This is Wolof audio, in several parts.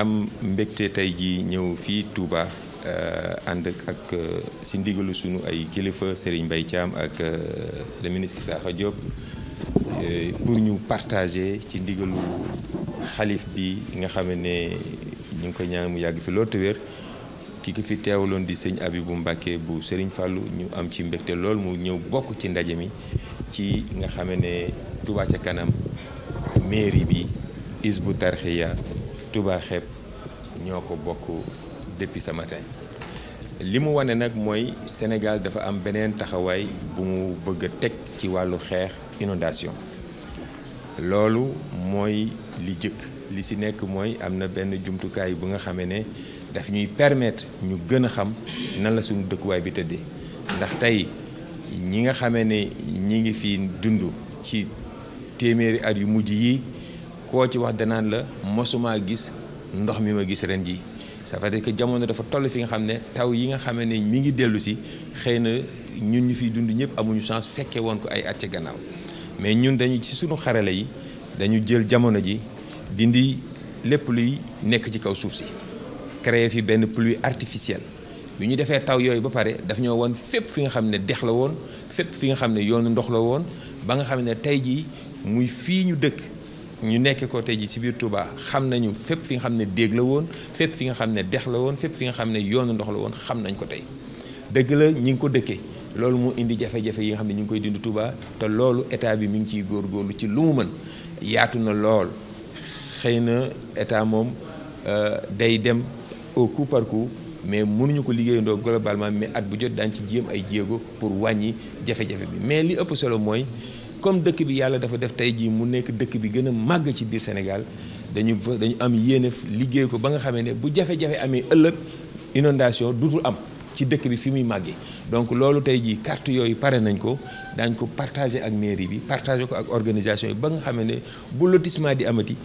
am mbégte tey jii ñëw fii Touba euh, ànd ak euh, si ndigalu sunu ay kilifa Serigne Mbaye Thiam ak euh, le ministre Issakha Diop pour ñu partager ci ndigalu xalif bi nga xam ne ñu ngi koy ñaan mu yàgg fi lool te wér ki ko fi teewaloon di sëñ Abibou Mbacké bu Serigne Fallou ñu am ci mbégte lool mu ñëw bokk ci ndaje mi ci nga xam ne Touba ca kanam mairie bi Hizbut Tarqiyyah Touba xeeb ñoo ko bokk depuis ce matin li mu wane nag mooy Sénégal dafa am beneen taxawaay bu mu bëgg a teg ci wàllu xeex inondation loolu mooy li jëkk li si nekk mooy am na benn jumtukaay bu nga xamee ne daf ñuy permettre ñu gën a xam nan la suñu dëkkuwaay bi tëddee ndax tey ñi nga xamee ne ñi ngi fi dund ci téeméeri at yu mujj yi koo ci wax denaan la mosumaa gis ndox mi ma gis ren ji ça veut dire que jamono dafa toll fi nga xam ne taw yi nga xam ne mi ngi dellu si xëy na ñun ñu fiy dund ñëpp amuñu chance fekkee woon ko ay at ci gannaaw mais ñun dañu ci suñu xarala yi dañu jël jamono ji dindi lépp luy nekk ci kaw suuf si créer fi benn pluie artificielle yu ñu defee taw yooyu ba pare daf ñoo woon fépp fi nga xam ne dex la woon fépp fi nga xam ne yoonu ndox la woon ba nga xam ne jii muy fii ñu dëkk ñu nekk ko tey ji si biir Touba xam nañu fépp fi nga xam ne déeg la woon fépp fi nga xam ne dex la woon fépp fi nga xam ne yoonu ndox la woon xam nañ ko tey dëgg la ñi ngi ko dëkkee loolu moo indi jafe-jafe yi nga xam ne ñu ngi koy dindi Touba te loolu état bi mu ngi ciy góorgóorlu ci lu mu mën yaatu na lool xëy na état moom euh, day dem au coup par mais munuñu ko liggéeyandoo globalement mais at bu jot daan ci jéem ay jéego pour wàññi jafe-jafe bi mais li ëpp solo mooy. comme dëkk bi yàlla dafa def tey jii mu nekk dëkk bi gën a màgg ci biir Sénégal dañu dañu am yéene liggéey ko ba nga xamee ne bu jafe-jafe amee ëllëg inondation dutul am ci dëkk bi fi muy màggee donc loolu tey jii carte yooyu pare nañ ko daañ ko partagé ak mairie bi partagé ko ak organisation yi ba nga xamee ne bu lotissement di amati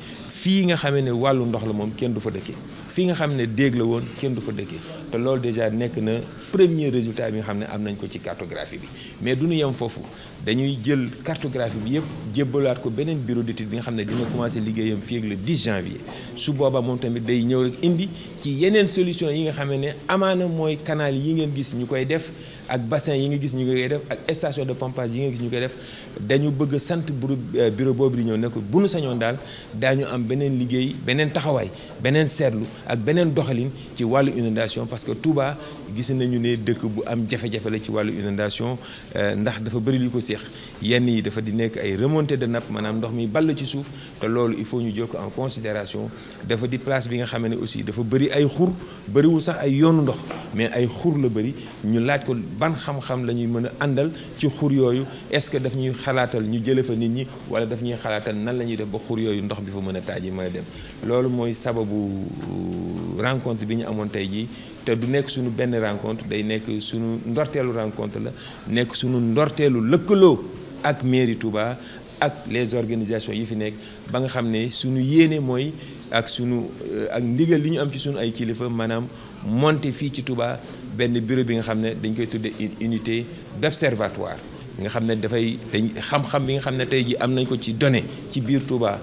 fii nga xamee ne wàllu ndox la moom kenn du fa dëkkee fii nga xam ne déeg la woon kenn du fa dëkke te loolu déjà nekk na premier résultat bi nga xam ne am nañ ko ci cartographie bi mais du ñu yem foofu dañuy jël cartographie bi yëpp jébbalaat ko beneen bureau d'étude bi nga xam ne dina commencer liggéeyam fii ak le 10 janvier su boobaa moom tamit day ñëw rek indi ci yeneen solution yi nga xam ne amaana mooy kanaal yi ngeen gis ñu koy def ak bassin yi nga gis ñu koy def ak station de pompage yi nga gis ñu koy def dañu bëgg a sant buru euh, bureau boobu di ñëw ne ko bu nu sañoon daal daañu am beneen liggéey beneen taxawaay beneen seetlu ak beneen doxalin ci wàllu inondation parce que Touba gis nañu ne dëkk bu am jafe-jafe la ci wàllu inondation euh, ndax dafa bëri li ko seex yenn yi dafa di nekk ay remonter de nappe maanaam ndox mi la ci suuf te loolu il faut ñu jël ko en considération dafa di place bi nga xam ne aussi dafa bëri ay xur bëriwul sax ay yoonu ndox mais ay xur la bëri ñu laaj ko ban xam-xam la ñuy mën a àndal ci xur yooyu est-ce que daf ñuy xalaatal ñu jëlee fa nit ñi wala daf ñuy xalaatal nan la ñuy def ba xur yooyu ndox bi fa mën a taaji mën dem loolu mooy sababu euh, rencontre bi ñu amoon tey jii du nekk suñu benn rencontre day nekk suñu ndorteelu rencontre la nekk suñu ndorteelu lëkkaloo ak mairie Touba ak les organisations yi fi nekk ba nga xam ne suñu yéene mooy ak sunu euh, ak ndigal li ñu am ci suñu ay kilifa maanaam monter fii ci Touba benn bureau bi nga xam ne dañ koy tuddee unité d'observatoire nga xam ne dafay dañ xam-xam bi nga xam ne tey ji am nañ ko ci données ci biir Touba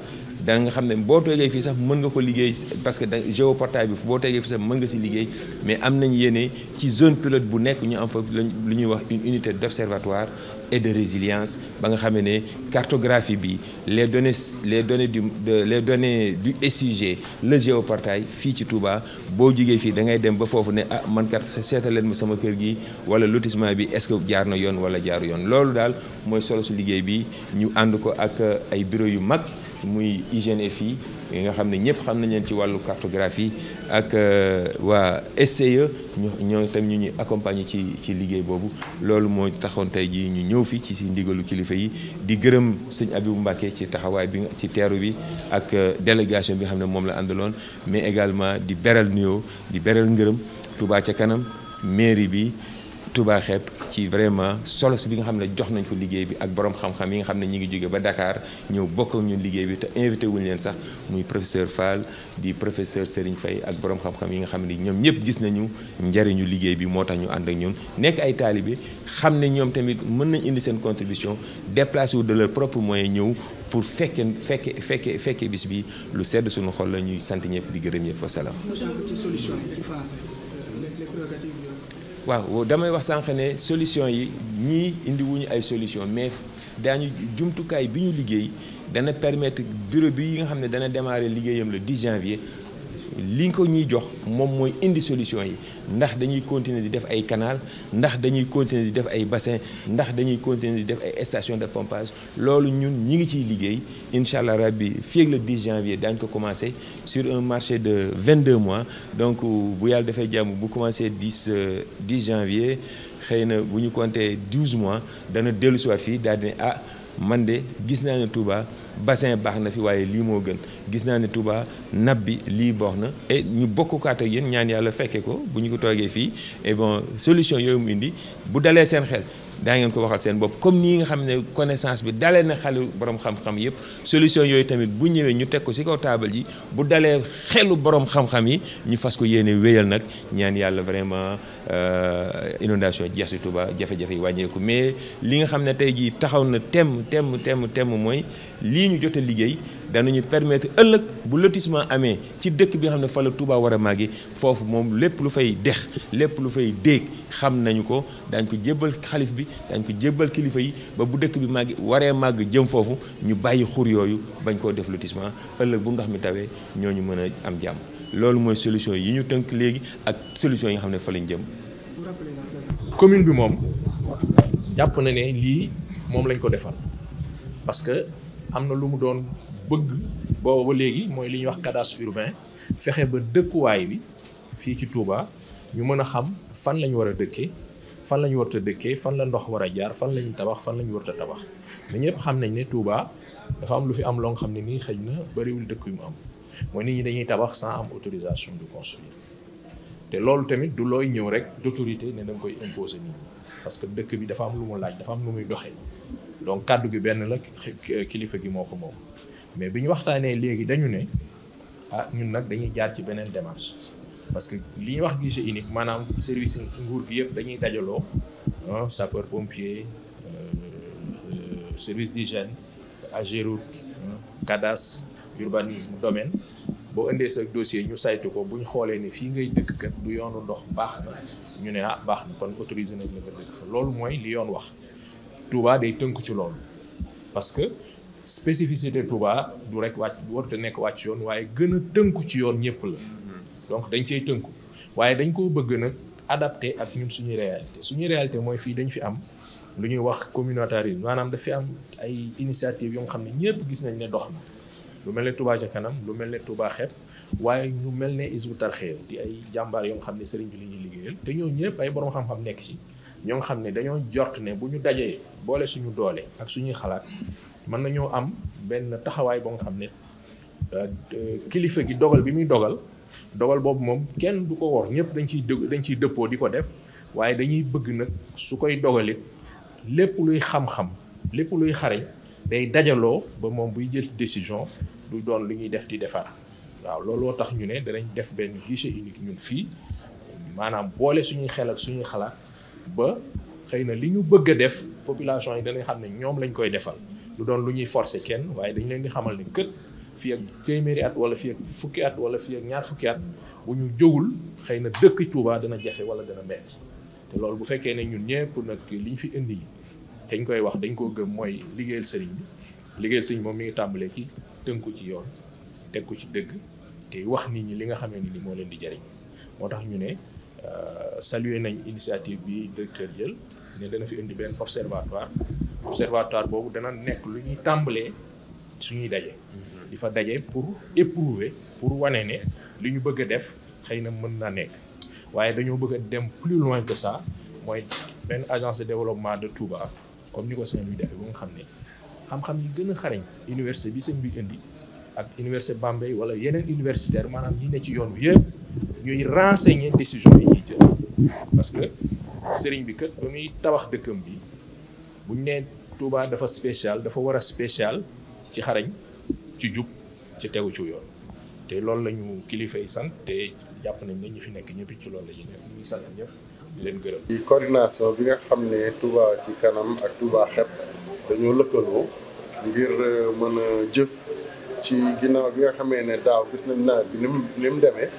da nga xam ne boo toogee fii sax mën nga ko liggéey parce que géoportail bi boo toogee fii sax mën nga si liggéey mais am nañ yéene ci zone pilote bu nekk ñu am fa lu ñuy wax une unité d'observatoire et de résilience ba nga xamee ne cartographie bi les données les données du de, les données du SUG le géoportail fii ci Touba boo jugee fii da ngay dem ba foofu ne ah man kat seetal leen ma sama kër gi wala lotissement bi est jaar na yoon wala jaaru yoon loolu daal mooy solo su liggéey bi ñu ànd ko ak ay bureau yu mag muy IGNFI yi nga xam ne ñëpp xam nañ leen ci wàllu cartographie ak euh, waa SCE ñoo itam ñu ñuy accompagner ci ci liggéey boobu loolu mooy taxoon tey jii ñu ñëw fii ci si ndigalu kilifa yi di gërëm sëñ Abibou Mbacké ci taxawaay bi ci teeru bi ak euh, délégation bi nga xam ne moom la àndaloon mais également di beral nuyoo di beral ngërëm Touba ca kanam mairie bi Touba Xepp ci vraiment solo si bi nga xam ne jox nañ ko liggéey bi ak borom xam-xam yi nga xam ne ñu ngi jóge ba dakaar ñëw bokk ñu liggéey bi te invité wuñ leen sax muy professeur Fall di professeur Serigne Faye ak borom xam-xam yi nga xam ne ñoom ñëpp gis nañu njariñu liggéey bi moo tax ñu ànd ak ñun nekk ay taalibe xam ne ñoom tamit mën nañ indi seen contribution déplacé wu de leur propre moyen ñëw pour fekke fekkee fekke fekke bis bi lu sedd suñu xol la ñuy sant ñëpp di gërëm ñëpp wasalaam waaw damay wax sànq ne solution yi ñii indiwuñu ay solution mais daañu jumtukaay bi ñu liggéey dana permettre bureau bi yi nga xam ne dana démarrer liggéeyam le 10 janvier li ko ñuy jox moom mooy indi solution yi ndax dañuy continuer di def ay canal ndax dañuy continuer di def ay bassin ndax dañuy continuer di def ay estation de pompage loolu ñun ñi ngi ciy liggéey incha allah rabbi fii ak le 10 janvier daañu ko commencé sur un marché de vingt deux mois donc bu yàlla dafay jàmm bu commencé 10 10 euh, janvier xëy na bu ñu compté douze mois dana dellu waat fii daal ne ah man de gis naa ne Touba bassin baax na fi waaye lii moo gën gis naa ne Touba nab bi lii boox na et ñu bokk kaat ak yéen ñaan yàlla fekke ko bu ñu ko toogee fii et bon solution yooyu mu indi bu dalee seen xel daa ngeen ko waxal seen bopp comme nii nga xam ne connaissance bi dale na xelu borom xam-xam yëpp solution yooyu tamit bu ñëwee ñu teg ko ci kaw taabal ji bu dalee xelu borom xam-xam yi ñu fas ko yéene wéyal nag ñaan yàlla vraiment euh, inondation jeex ci Touba jafe-jafe yi wàññeeku mais li nga xam ne tey jii taxaw na temm temm temm temm mooy lii ñu jot a liggéey. ñu permettre ëllëg bu lotissement amee ci dëkk bi nga xam ne fa la war a màggi foofu moom lépp lu fay dex lépp lu fay déeg xam nañu ko daañ ko jébbal xalif bi daañ ko jébbal kilifa yi ba bu dëkk bi màggi waree màgg jëm foofu ñu bàyyi xur yooyu bañ koo def lotissement ëllëg bu mi tawee ñooñu mën a am jàmm loolu mooy solution yi ñu tënk léegi ak solution yi xam ne fa lañ jëm commune bi moom jàpp na ne lii moom lañ ko defal parce que am na lu mu doon bëgg booba ba léegi mooy li ñuy wax cadastre urbain fexe ba dëkkuwaay bi fii ci Touba ñu mën a xam fan la ñu war a dëkkee fan la ñu warut dëkkee fan la ndox war a jaar fan la ñu tabax fan la ñu warut tabax mais ñëpp xam nañ ne Touba dafa am lu fi am loo xam ne nii xëj na bëriwul dëkk yu mu am mooy nit ñi dañuy tabax sans am autorisation de construire te loolu tamit du looy ñëw rek d'autorité ne da nga koy imposer nit parce que dëkk bi dafa am lu mu laaj dafa am lu muy doxee donc kàddu gi benn la kilifa gi moo moom. mais bi ñu waxtaanee léegi dañu ne ah ñun nag dañuy jaar ci beneen démarche parce que li ñuy wax guichet unique maanaam service nguur gi yëpp dañuy dajaloo ah, sapeur pompier euh, service d'hygiène Ageroute ah, cadastre urbanisme domaine boo indee sa dossier ñu saytu ko bu ñu xoolee ne fii ngay dëkk kat du yoonu ndox baax na ñu ne ah baax na kon autorisé nañ la nga dëkk fa loolu mooy li yoon wax Touba day tënku ci loolu parce que spécificité Touba du rek wàcc warut a nekk wàcc yoon waaye gën a tënku ci yoon ñëpp la donc dañ cee tënku waaye dañ koo bëgg nag adapté ak ñun suñuy réalité suñuy réalité mooy fii dañ fi am lu ñuy wax communautarisme maanaam dafay am ay initiative yoo xam ne ñëpp gis nañ ne dox na lu mel ne Touba ca kanam lu mel ne Touba xeet waaye ñu mel ne Hizbut Tarqiyyah di ay jàmbaar yoo xam ne sëriñ bi li ñuy liggéeyal te ñoo ñëpp ay borom xam-xam nekk ci ño nga xam ne dañoo jort ne bu ñu dajee boole suñu doole ak suñuy xalaat mën nañoo am benn taxawaay boo nga xam ne euh, kilifa gi dogal bi muy dogal dogal boobu moom kenn du ko wor ñëpp dañ ciy dañ ciy dëppoo di ko def waaye dañuy bëgg nag su koy dogalit lépp luy xam-xam lépp luy xarañ day dajaloo ba moom buy jël décision du doon lu ñuy def di defar waaw looloo tax ñu ne danañ def benn guichet unique ñun fii maanaam boole suñuy xel ak suñuy xalaat ba xëy na li ñu bëgg a def population yi danañ xam ne ñoom lañ koy defal lu doon lu ñuy forcer kenn waaye dañ leen di xamal ne kët fii ak téeméeri at wala fii ak fukki at wala fii ak ñaar fukki at bu ñu jëwul xëy na dëkk Touba dana jafe wala dana metti te loolu bu fekkee ne ñun pour nag li ñu fi indi dañ koy wax dañ koo gëm mooy liggéeyal sëriñ bi liggéeyal sëriñ moom mi ngi tàmbalee ci tënku ci yoon teg ko ci dëgg te wax nit ñi li nga xamee ni moo leen di jariñ moo tax ñu ne euh, saluer nañ initiative bi directeur jël ne dana fi indi benn observatoire observatoire boobu dana nekk lu ñuy tàmbalee suñuy daje. Mhm. di fa daje pour éprouver pour wane ne li ñu bëgg a def xëy na mën na nekk waaye dañoo bëgg a dem plus loin que ça mooy benn agence développement de Touba comme ni ko Saint-Louis defee ba nga xam ne xam-xam yi gën a xarañ université bi sëñ bi indi ak université Bambey wala yeneen universitaire maanaam ñi ne ci yoon wi yëpp ñuy renseigner décision yi ñuy jël parce que sëriñ bi kat ba muy tabax dëkkam bi. bu nee Touba dafa spécial dafa war a spécial ci xarañ ci jub ci tegu ci yoon te loolu lañu ñu kilifa yi sant te jàpp nañ ne ñi fi nekk ñëpp ci loolu la ñuy nekk sant ñëpp leen gërëm. ci coordination bi nga xam ne Touba ci kanam ak Touba xepp dañoo lëkkaloo ngir euh, mën a jëf ci ginnaaw bi nga xamee ne daaw gis nañ nawet bi ni mu demee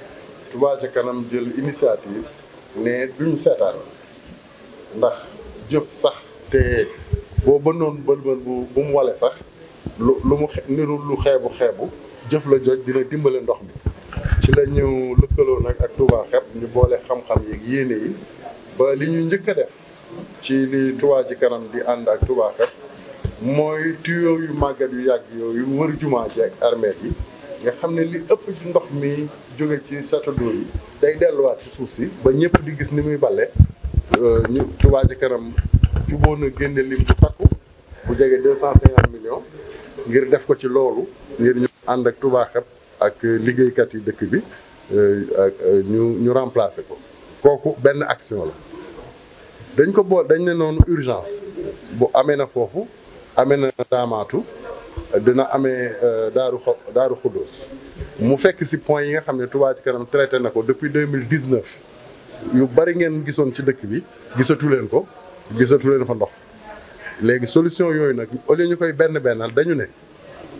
tubaa ci kanam jël initiative ne duñ seetaan ndax jëf sax. te boo bënnoon bëlbël bu bu mu wale sax lu lu mu niru lu xeebu xeebu jëf la joj dina dimbale ndox mi ci la ñu lëkkaloo nag ak Touba Xepp ñu boole xam-xam yeeg yéene yi ba li ñu njëkk a def ci li Touba ci kanam di ànd ak Touba mooy tuyau yu màggat yu yàgg yooyu wër jumaa ji ak armeel yi nga xam ne li ëpp ci ndox mi jóge ci château d'eau yi day delluwaat ci suuf si ba ñëpp di gis ni muy bale euh, ñu Touba ci kanam juboo na génne lim bu takku bu jege deux cent cinquante millions ngir def ko ci loolu ngir ñu ànd ak Touba ak liggéeykat yi dëkk bi euh, euh, ñu ñu remplacer ko kooku benn action la dañ ko bool dañ ne noonu urgence bu amee na foofu amee na daamaatu dina amee euh, daaru xo daaru xuddoos mu fekk si point yi nga xam ne Touba ci kanam traité na ko depuis deux mille dix-neuf yu bari ngeen gisoon ci dëkk bi gisatu leen ko gisatu leen fa ndox léegi solution yooyu nag au ñu koy benn bennal dañu ne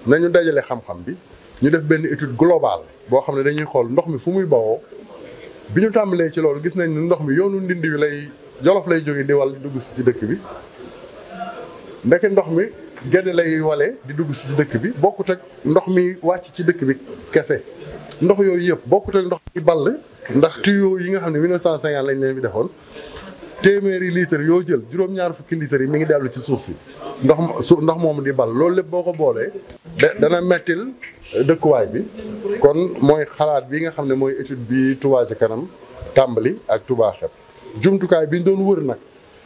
nañu dajale xam-xam bi ñu def benn étude global boo xam ne dañuy xool ndox mi fu muy bawoo bi ñu tàmbalee ci loolu gis nañ ni ndox mi yoonu ndindi wi lay jolof lay jógee di wal di dugg ci dëkk bi ndeke ndox mi génn lay wale di dugg ci dëkk bi bokkut ak ndox mi wàcc ci dëkk bi kese ndox yooyu yëpp bokkut ak ndox mi ball ndax tuyau yi nga xam ne 1950 lañ leen bi defoon téeméeri litres yoo jël juróom-ñaar fukki litres yi mu ngi dellu ci suuf si ndox su ndox moomu di bal loolu lépp boo ko boolee dana mettil dëkkuwaay bi kon mooy xalaat bi nga xam ne mooy étude bi Touba ca kanam tàmbali ak Touba jumtukaay bi doon wër nag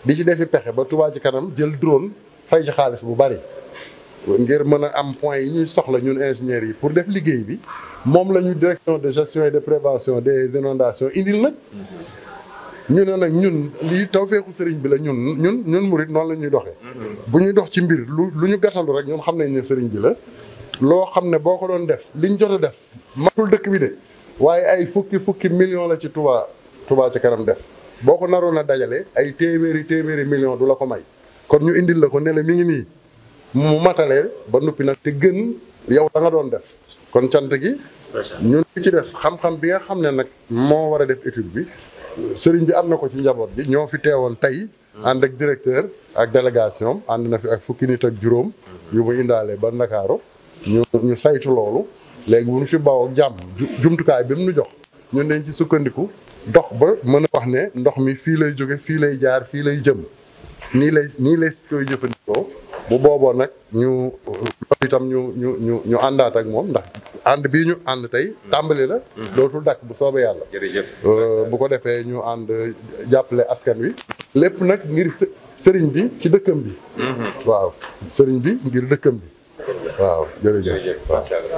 di ci defi pexe ba Touba ca kanam jël drone fay ci xaalis bu bari ngir mën a am point yi ñuy soxla ñun ingénieurs yi pour def liggéey bi moom la ñu direction de gestion et de prévention des inondations indil na ñu ne nag ñun lii tawfeexu sëriñ bi la ñun ñun ñun murit noonu la ñuy doxee. bu ñuy dox ci mbir lu lu ñu gàttandu rek ñun xam nañ ne sëriñ bi la. loo xam ne boo ko doon def liñ jot a def. matul dëkk bi de waaye ay fukki fukki million la ci Touba tubaa ci kanam def boo ko naroon a dajale ay téeméeri téeméeri million du la ko may. kon ñu indil la ko ne la mi ngi nii mu matalee ba noppi nag te gën yow da nga doon def kon cant gi. ñun li ci def xam-xam bi nga xam ne nag moo war a def étude bi. sëriñ bi am na ko ci njaboot bi ñoo fi teewoon tey. ànd ak directeur ak délégation ànd na fi ak fukki nit ak juróom. yu mu indaale ba Ndakaaru ñu ñu saytu loolu. léegi bu ñu fi bawoo ak jàmm jumtukaay bi mu nu jox ñun dañ ci sukkandiku dox ba mën a wax ne ndox mi fii lay jóge fii lay jaar fii lay jëm nii lay nii lay koy jëfandikoo bu booboo nag ñu itam ñu ñu ñu ñu àndaat ak moom ndax. ànd bi ñu ànd tey tàmbali la mhm. dootul dakk bu soobee yàlla euh, bu ko defee ñu ànd jàppale askan wi lépp nag ngir sëriñ bi ci dëkkam bi mhm. waaw sëriñ bi ngir dëkkam bi waaw waaw